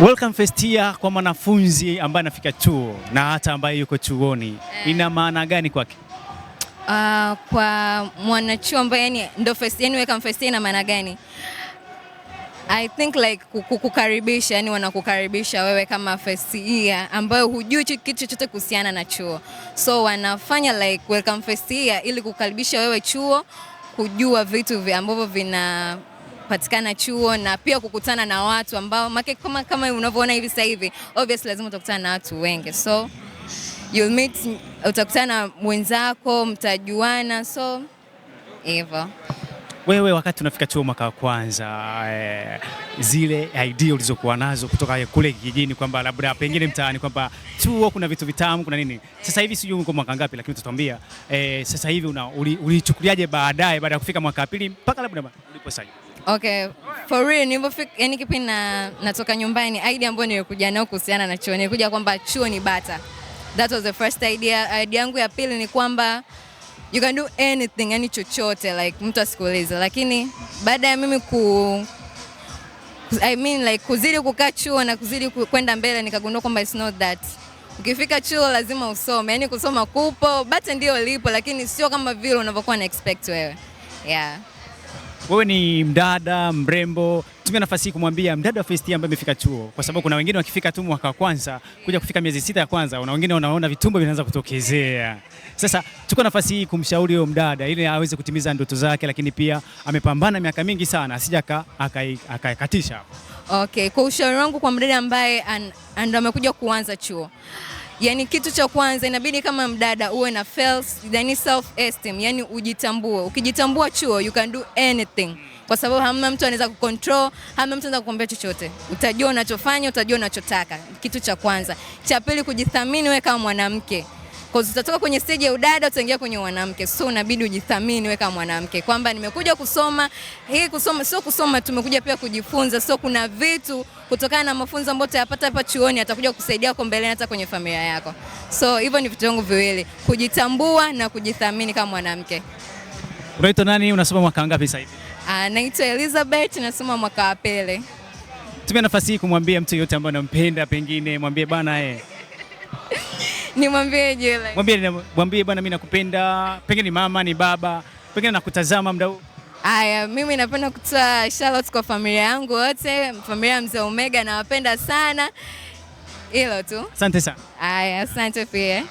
Welcome first year kwa mwanafunzi ambaye anafika chuo na hata ambaye yuko chuoni eh, ina maana gani kwake? Uh, kwa mwanachuo ambaye ndo first yani welcome year ina maana gani? I think like kukukaribisha, yani wanakukaribisha wewe kama first year ambayo hujui kitu chochote kuhusiana na chuo, so wanafanya like welcome first year ili kukaribisha wewe chuo, kujua vitu ambavyo vina kupatikana chuo na pia kukutana na watu ambao make kama, kama unavyoona hivi sasa hivi obviously lazima utakutana na watu wengi so you'll meet, utakutana mwenzako mtajuana so hivyo. Wewe wakati unafika chuo mwaka wa kwanza e, zile idea ulizokuwa nazo kutoka kule kijijini kwamba labda pengine mtaani kwamba chuo kuna vitu vitamu kuna nini, sasa hivi sijui uko mwaka ngapi, lakini utatuambia e, sasa hivi ulichukuliaje uli baadaye baada ya kufika mwaka wa pili mpaka labda ulipo sasa? Okay, for real nilipofika, yani kipindi na natoka nyumbani, idea ambayo nilikuja nayo kuhusiana na chuo, nilikuja kwamba chuo ni bata. That was the first idea. Idea yangu ya pili ni kwamba you can do anything, yani chochote, like mtu asikuulize. Lakini baada ya mimi ku I mean like kuzidi kukaa chuo na kuzidi kwenda mbele, nikagundua kwamba it's not that ukifika chuo lazima usome, yani kusoma kupo bata ndio lipo, lakini sio kama vile unavyokuwa na expect wewe yeah wewe ni mdada mrembo, tumia nafasi hii kumwambia mdada wa first year ambaye amefika chuo, kwa sababu kuna wengine wakifika tu mwaka wa kwanza kuja kufika miezi sita ya kwanza, na wengine wanaona vitumbo vinaanza kutokezea. Sasa chukua nafasi hii kumshauri huyo mdada ili aweze kutimiza ndoto zake, lakini pia amepambana miaka mingi sana, asija akakatisha. Okay, kwa ushauri wangu kwa mdada ambaye ndo amekuja kuanza chuo Yani kitu cha kwanza inabidi kama mdada uwe na fels, yani self esteem, yani ujitambue. Ukijitambua chuo you can do anything, kwa sababu hamna mtu anaweza kucontrol, hamna mtu anaweza kukuambia chochote. Utajua unachofanya, utajua unachotaka. Kitu cha kwanza. Cha pili, kujithamini wewe kama mwanamke Cause utatoka kwenye stage ya udada utaingia kwenye mwanamke, so unabidi ujithamini wewe kama mwanamke, kwamba nimekuja kusoma hii, kusoma sio kusoma, tumekuja pia kujifunza, so kuna vitu kutokana na mafunzo ambayo utayapata hapa chuoni atakuja kukusaidia huko mbele hata kwenye familia yako. So hivyo ni vitu vyangu viwili, kujitambua na kujithamini kama mwanamke. Unaitwa nani? Unasoma mwaka ngapi sasa hivi? Ah, naitwa Elizabeth nasoma mwaka wa pili. Tumia nafasi hii kumwambia mtu yote ambaye anampenda pengine mwambie bwana eh. Nimwambie je? Mwambie, mwambie bwana mimi nakupenda, pengine ni mama, ni baba, pengine nakutazama muda huu. Haya, mimi napenda kutoa shout kwa familia yangu wote, familia ya Mzee Omega nawapenda sana. Hilo tu. Asante sana. Aya, asante pia.